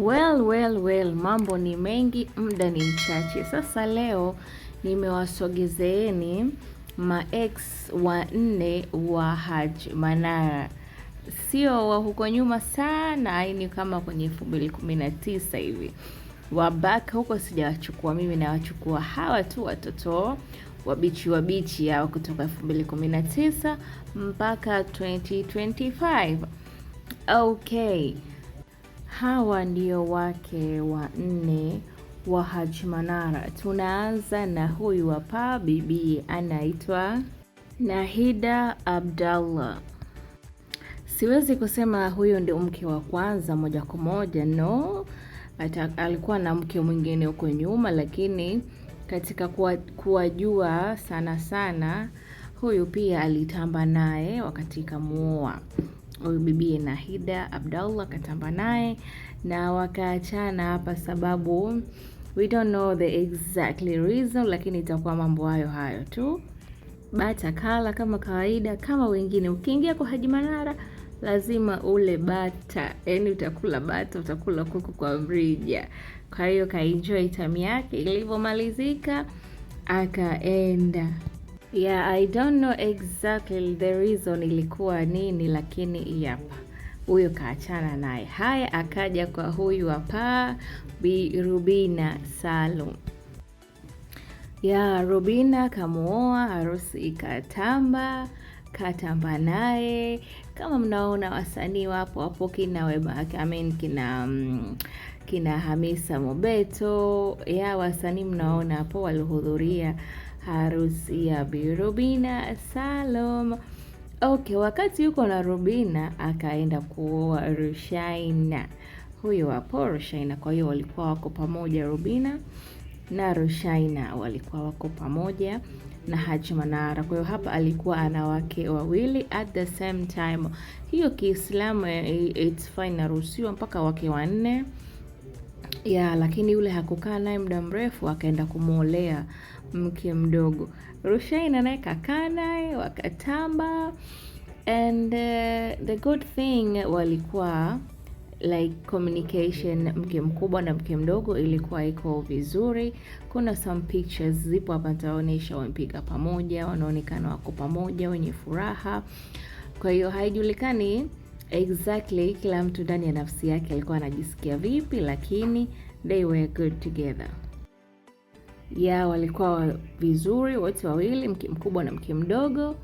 Well, well, well, mambo ni mengi, muda ni mchache. Sasa leo nimewasogezeeni maex wanne wa Haji Manara, sio wa huko nyuma sana, aini kama kwenye elfu mbili kumi na tisa hivi. Wabaka huko sijawachukua mimi, nawachukua hawa tu watoto wabichi wabichi hao kutoka elfu mbili kumi na tisa mpaka 2025. Okay. Hawa ndio wake wa nne wa manara Tunaanza na huyu hapa, bibi anaitwa Nahida Abdallah. Siwezi kusema huyo ndio mke wa kwanza moja kwa moja, no. Ata, alikuwa na mke mwingine huko nyuma, lakini katika kuwajua sana sana, huyu pia alitamba naye wakati kamuoa huyu bibi Nahida Abdallah katamba naye na wakaachana hapa, sababu we don't know the exactly reason, lakini itakuwa mambo hayo hayo tu. Bata kala kama kawaida kama wengine. Ukiingia kwa Haji Manara lazima ule bata, yani utakula bata, utakula kuku kwa mrija. Kwa hiyo kaenjoy time yake, ilivyomalizika akaenda Yeah, I don't know exactly the reason ilikuwa nini, lakini yep, huyo kaachana naye. Haya, akaja kwa huyu hapa Bi Rubina Salum. Ya Rubina kamuoa, harusi ikatamba, katamba naye. Kama mnaona wasanii wapo hapo, kina Wema, I mean kina um, kina Hamisa Mobeto, ya wasanii mnaona hapo walihudhuria harusi ya Bi Rubina Salom. Okay, wakati yuko na Rubina akaenda kuoa Rushaina, huyo wapo Rushaina. Kwa hiyo walikuwa wako pamoja, Rubina na Rushaina walikuwa wako pamoja na Haji Manara. Kwa hiyo hapa alikuwa ana wake wawili at the same time. Hiyo Kiislamu eh, it's fine, naruhusiwa mpaka wake wanne ya, lakini yule hakukaa naye muda mrefu, akaenda kumwolea mke mdogo. Rushaynah naye kakaa naye wakatamba and uh, the good thing walikuwa like communication mke mkubwa na mke mdogo ilikuwa iko vizuri. Kuna some pictures zipo hapa nitaonyesha, wamepiga pamoja, wanaonekana wako pamoja wenye furaha. Kwa hiyo haijulikani exactly kila mtu ndani ya nafsi yake alikuwa anajisikia vipi, lakini they were good together ya walikuwa vizuri wote wawili, mke mkubwa na mke mdogo.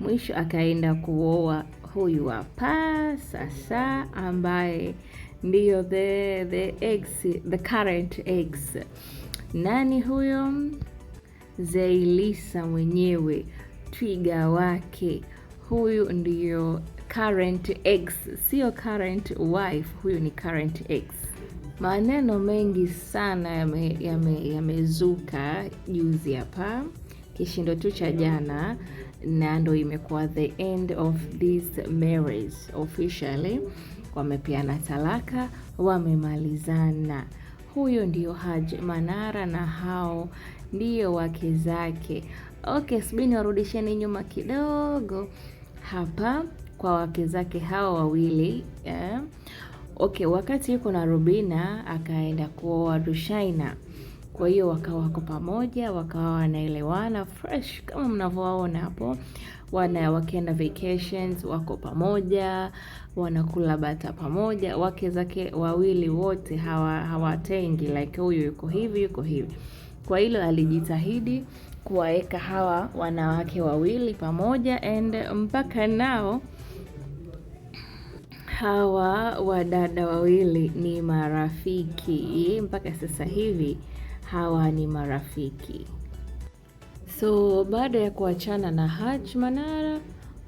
Mwisho akaenda kuoa huyu hapa sasa, ambaye ndiyo the the ex, the current ex. Nani huyo? zeilisa mwenyewe, twiga wake huyu, ndiyo current ex, sio current wife, huyu ni current ex. Maneno mengi sana yamezuka yame, yame juzi hapa, kishindo tu cha jana, na ndo imekuwa the end of this marriage officially. Wamepeana talaka, wamemalizana. Huyo ndio Haji Manara na hao ndio wake zake. Okay, subiri niwarudisheni nyuma kidogo hapa kwa wake zake hao wawili eh. Okay, wakati yuko na Rubina akaenda kuoa Rushaina, kwa hiyo wakawa wako pamoja, wakawa wanaelewana fresh kama mnavyoona hapo wana wakienda vacations wako pamoja, wanakula bata pamoja. Wake zake wawili wote hawatengi, hawa like huyu yuko hivi yuko hivi. Kwa hilo alijitahidi kuwaweka hawa wanawake wawili pamoja and mpaka nao Hawa wadada wawili ni marafiki, mpaka sasa hivi hawa ni marafiki. So baada ya kuachana na Haj Manara,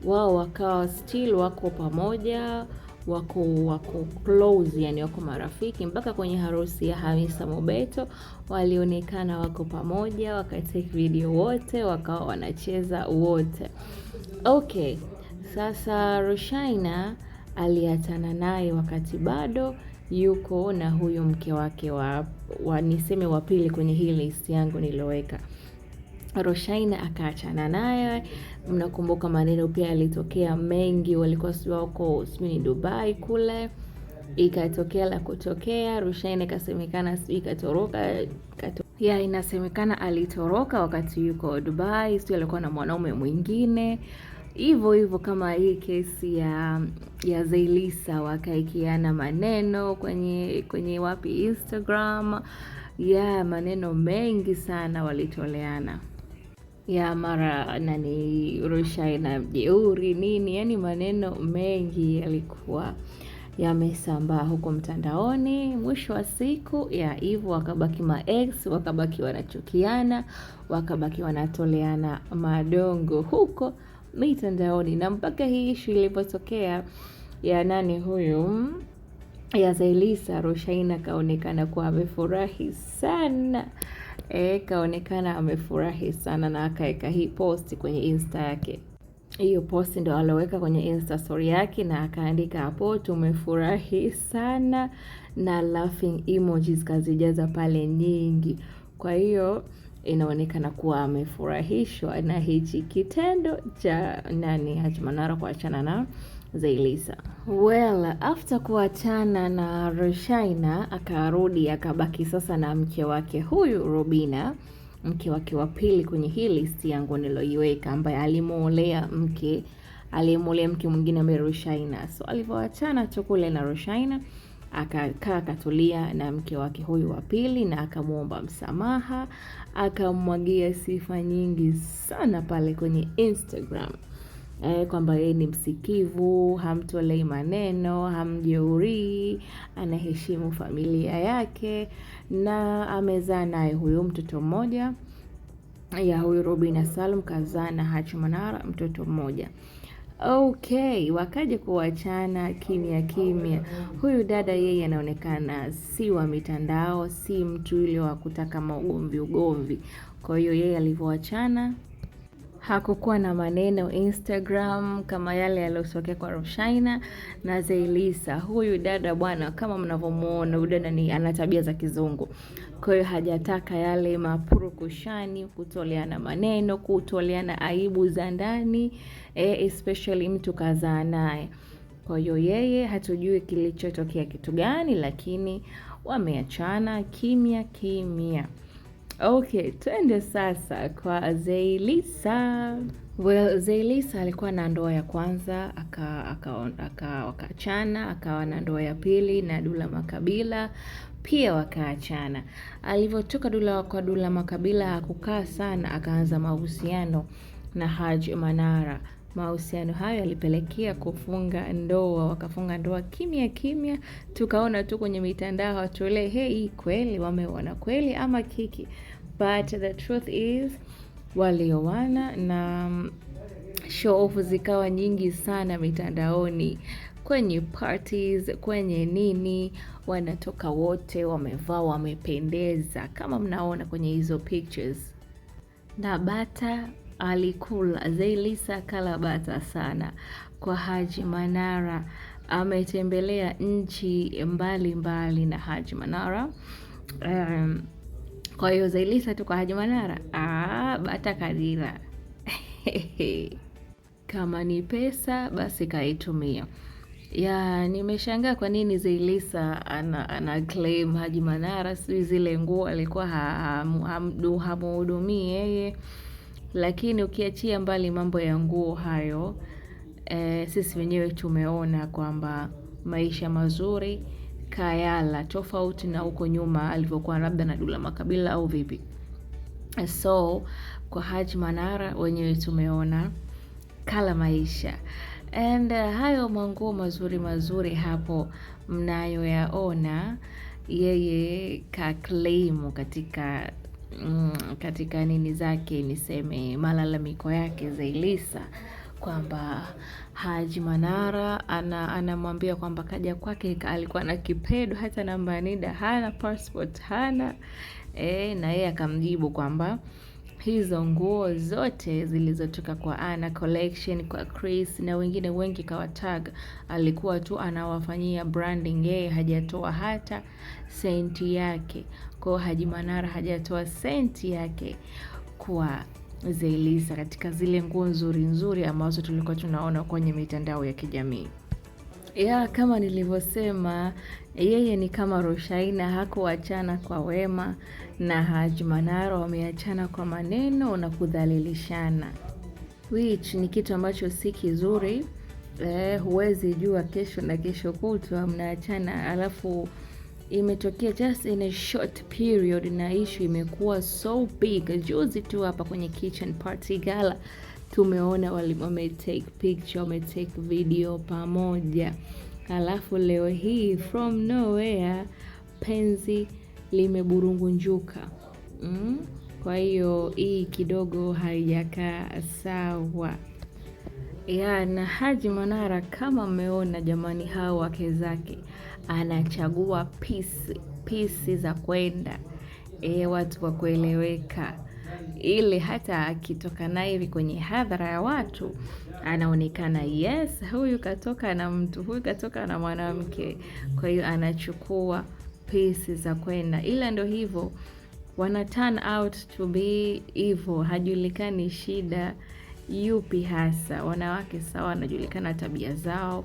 wao wakawa still wako pamoja, wako wako close, yani wako marafiki mpaka kwenye harusi ya Hamisa Mobeto walionekana wako pamoja, wakatake video wote, wakawa wanacheza wote. Okay, sasa Rushaynah aliachana naye wakati bado yuko na huyo mke wake wa, wa niseme wa pili kwenye hii list yangu niloweka. Roshaina akaachana naye. Mnakumbuka maneno pia yalitokea mengi, walikuwa si wako sijui ni Dubai kule, ikatokea la kutokea. Roshaina ikasemekana sijui ikatoroka kato... ya inasemekana alitoroka wakati yuko Dubai, sijui alikuwa na mwanaume mwingine hivyo hivyo kama hii kesi ya ya Zailisa wakaikiana maneno kwenye kwenye wapi Instagram ya yeah, maneno mengi sana walitoleana ya yeah, mara nani rusha na jeuri nini, yani maneno mengi yalikuwa yamesambaa huko mtandaoni. Mwisho wa siku ya hivyo wakabaki ma ex, wakabaki wanachukiana, wakabaki wanatoleana madongo huko mitandaoni, na mpaka hii ishu ilivyotokea ya nani huyu ya Zailisa, Rushaynah kaonekana kuwa amefurahi sana e, kaonekana amefurahi sana na akaweka hii posti kwenye insta yake. Hiyo posti ndo aloweka kwenye insta story yake, na akaandika hapo, tumefurahi sana na laughing emojis kazijaza pale nyingi, kwa hiyo inaonekana kuwa amefurahishwa na hichi kitendo cha nani Hachimanara kuachana na Zailisa. Well, after kuachana na roshaina akarudi akabaki sasa na mke wake huyu Robina, mke wake wa pili kwenye hii listi yangu niloiweka, ambaye alimuolea mke aliyemuolea mke mwingine ambaye Roshaina. So alivyoachana tu kule na Roshaina akakaa akatulia na mke wake huyu wa pili na akamwomba msamaha, akamwagia sifa nyingi sana pale kwenye Instagram eh, kwamba yeye ni msikivu, hamtolei maneno, hamjeuri, anaheshimu familia yake na amezaa naye huyu mtoto mmoja ya huyu Rubina Salum kazaa na Hachu Manara mtoto mmoja. Okay, wakaja kuachana kimya kimya. Huyu dada yeye anaonekana si wa mitandao, si mtu yule wa kutaka maugomvi ugomvi. Kwa hiyo yeye alivyoachana hakukuwa na maneno Instagram kama yale yaliyotokea kwa roshaina na zeilisa Huyu dada bwana, kama mnavyomuona, huyu dada ni ana tabia za kizungu, kwa hiyo hajataka yale mapurukushani, kutoleana maneno, kutoleana aibu za ndani e, especially mtu kazaa naye. Kwa hiyo yeye hatujui kilichotokea kitu gani, lakini wameachana kimya kimya. Okay, twende sasa kwa zeilisa Well, zeilisa alikuwa na ndoa ya kwanza aka aka wakaachana akawa na ndoa ya pili na Dula Makabila pia wakaachana. Alivyotoka Dula kwa Dula Makabila hakukaa sana, akaanza mahusiano na Haji Manara. Mahusiano hayo yalipelekea kufunga ndoa, wakafunga ndoa kimya kimya. Tukaona tu kwenye mitandao watolee, hey, kweli wameona kweli ama kiki? But the truth is walioana na show off zikawa nyingi sana mitandaoni, kwenye parties, kwenye nini, wanatoka wote wamevaa, wamependeza kama mnaona kwenye hizo pictures na bata alikula Zailisa kalabata sana kwa Haji Manara. Ametembelea nchi mbalimbali mbali na Haji Manara um, kwa hiyo Zailisa tu kwa Haji Manara ah, bata kadira kama ni pesa basi kaitumia. Ya, nimeshangaa kwa nini Zailisa ana, ana claim Haji Manara, sijui zile nguo alikuwa hamhudumii ha, ha, yeye lakini ukiachia mbali mambo ya nguo hayo, e, sisi wenyewe tumeona kwamba maisha mazuri kayala tofauti na huko nyuma alivyokuwa labda na Dula Makabila au vipi. So kwa Haji Manara wenyewe tumeona kala maisha and uh, hayo manguo mazuri mazuri hapo mnayoyaona, yeye kaklaimu katika mm, katika nini zake niseme malalamiko yake Zailisa kwamba Haji Manara ana anamwambia kwamba kaja kwake alikuwa na kipedo, hata namba ya NIDA hana, passport hana e, na yeye akamjibu kwamba hizo nguo zote zilizotoka kwa Ana Collection, kwa Chris na wengine wengi kawatag, alikuwa tu anawafanyia branding, yeye hajatoa hata senti yake kwao Haji Manara hajatoa senti yake kwa Zailisa katika zile nguo nzuri nzuri ambazo tulikuwa tunaona kwenye mitandao ya kijamii ya kama nilivyosema, yeye ni kama roshaina hakuachana kwa wema na Haji Manara, wameachana kwa maneno na kudhalilishana, which ni kitu ambacho si kizuri. Eh, huwezi jua kesho na kesho kutwa mnaachana alafu imetokea just in a short period, na issue imekuwa so big. Juzi tu hapa kwenye kitchen party gala tumeona wame take picture, wame take video pamoja, alafu leo hii from nowhere penzi limeburungunjuka mm? Kwa hiyo hii kidogo haijakaa sawa ya na Haji Manara, kama mmeona jamani, hao wake zake anachagua pisi pisi za kwenda e, watu wa kueleweka, ili hata akitoka naye hivi kwenye hadhara ya watu anaonekana, yes, huyu katoka na mtu, huyu katoka na mwanamke. Kwa hiyo anachukua pisi za kwenda, ila ndo hivyo wana turn out to be hivyo, hajulikani shida yupi hasa. Wanawake sawa, wanajulikana tabia zao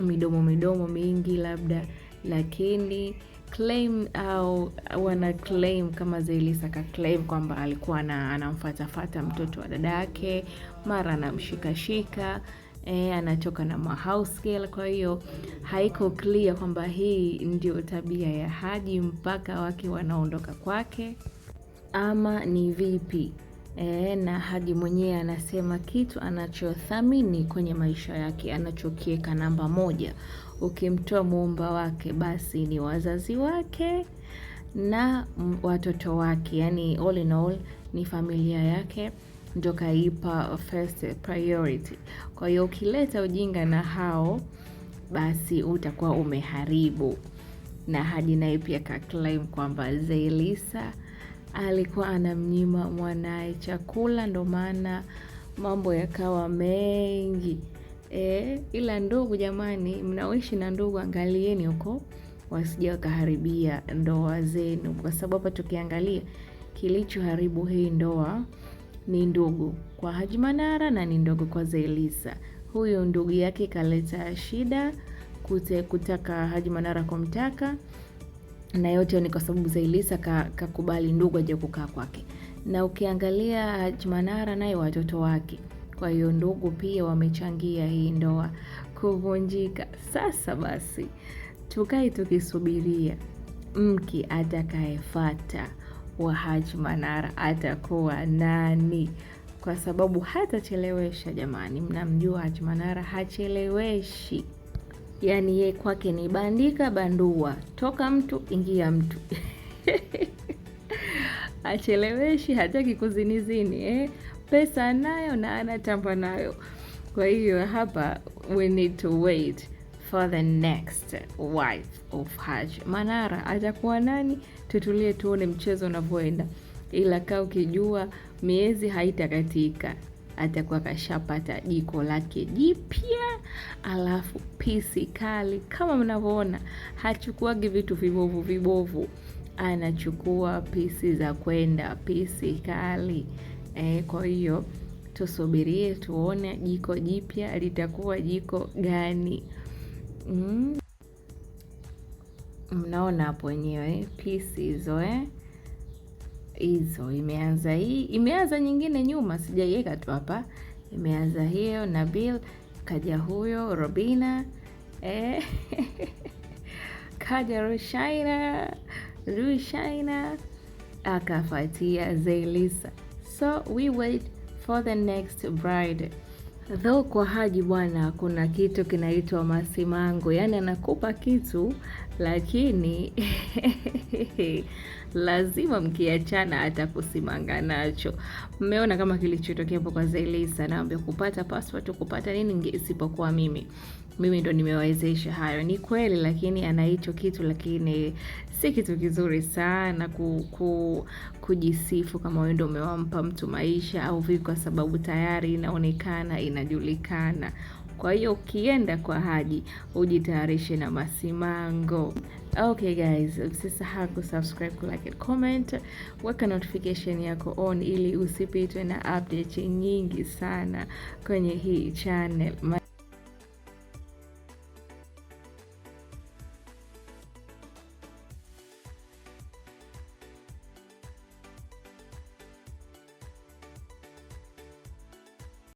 midomo midomo mingi labda, lakini claim au wana claim kama Zaiylissa ka claim kwamba alikuwa anamfatafata mtoto wa dada yake mara anamshikashika E, anatoka na mahouse girl. Kwa hiyo haiko clear kwamba hii ndio tabia ya Haji mpaka wake wanaondoka kwake ama ni vipi? E, na Haji mwenyewe anasema kitu anachothamini kwenye maisha yake anachokiweka namba moja, ukimtoa muumba wake basi ni wazazi wake na watoto wake, yani all in all ni familia yake ndio kaipa first priority. Kwa hiyo ukileta ujinga na hao basi utakuwa umeharibu. Na Haji naye pia ka claim kwamba zelisa alikuwa anamnyima mwanaye chakula, ndo maana mambo yakawa mengi e. Ila ndugu jamani, mnaoishi na ndugu angalieni huko wasija wakaharibia ndoa zenu, kwa sababu hapa tukiangalia kilichoharibu hii ndoa ni ndugu kwa Haji Manara na ni ndogo kwa zelisa Huyu ndugu yake kaleta shida kute kutaka Haji Manara kumtaka na yote ni kwa sababu Zailisa kakubali ka ndugu aje kukaa kwake, na ukiangalia Hajimanara naye watoto wake, kwa hiyo ndugu pia wamechangia hii ndoa kuvunjika. Sasa basi tukae tukisubiria mke atakayefuata wa manara atakuwa nani, kwa sababu hatachelewesha. Jamani, mnamjua manara hacheleweshi yaani ye kwake ni bandika bandua, toka mtu ingia mtu acheleweshi, hataki kuzinizini eh? Pesa anayo na anatamba nayo. Kwa hiyo hapa we need to wait for the next wife of Haji. Manara atakuwa nani? Tutulie tuone mchezo unavyoenda, ila kaa ukijua miezi haitakatika atakuwa kashapata jiko lake jipya, alafu pisi kali. Kama mnavyoona, hachukuagi vitu vibovu vibovu, anachukua pisi za kwenda, pisi kali e. Kwa hiyo tusubirie tuone jiko jipya litakuwa jiko gani? Mm. Mnaona hapo wenyewe pisi hizo eh hizo. Imeanza hii, imeanza nyingine nyuma, sijaiweka tu hapa. Imeanza hiyo Nabil, kaja huyo Robina eh, kaja Rushaina, Rushaina akafuatia Zelisa. So we wait for the next bride. Though kwa Haji bwana, kuna kitu kinaitwa masimango, yaani anakupa kitu lakini lazima mkiachana atakusimanga nacho. Mmeona kama kilichotokea hapo kwa Zailisa, naambia kupata passport kupata nini, isipokuwa mimi mimi ndo nimewawezesha hayo. Ni kweli, lakini ana hicho kitu, lakini si kitu kizuri sana ku, ku, kujisifu kama wewe ndo umewampa mtu maisha au vipi, kwa sababu tayari inaonekana inajulikana. Kwa hiyo ukienda kwa Haji ujitayarishe na masimango. Okay guys, usisahau kusubscribe, kulike, comment, weka notification yako on ili usipitwe na update nyingi sana kwenye hii channel.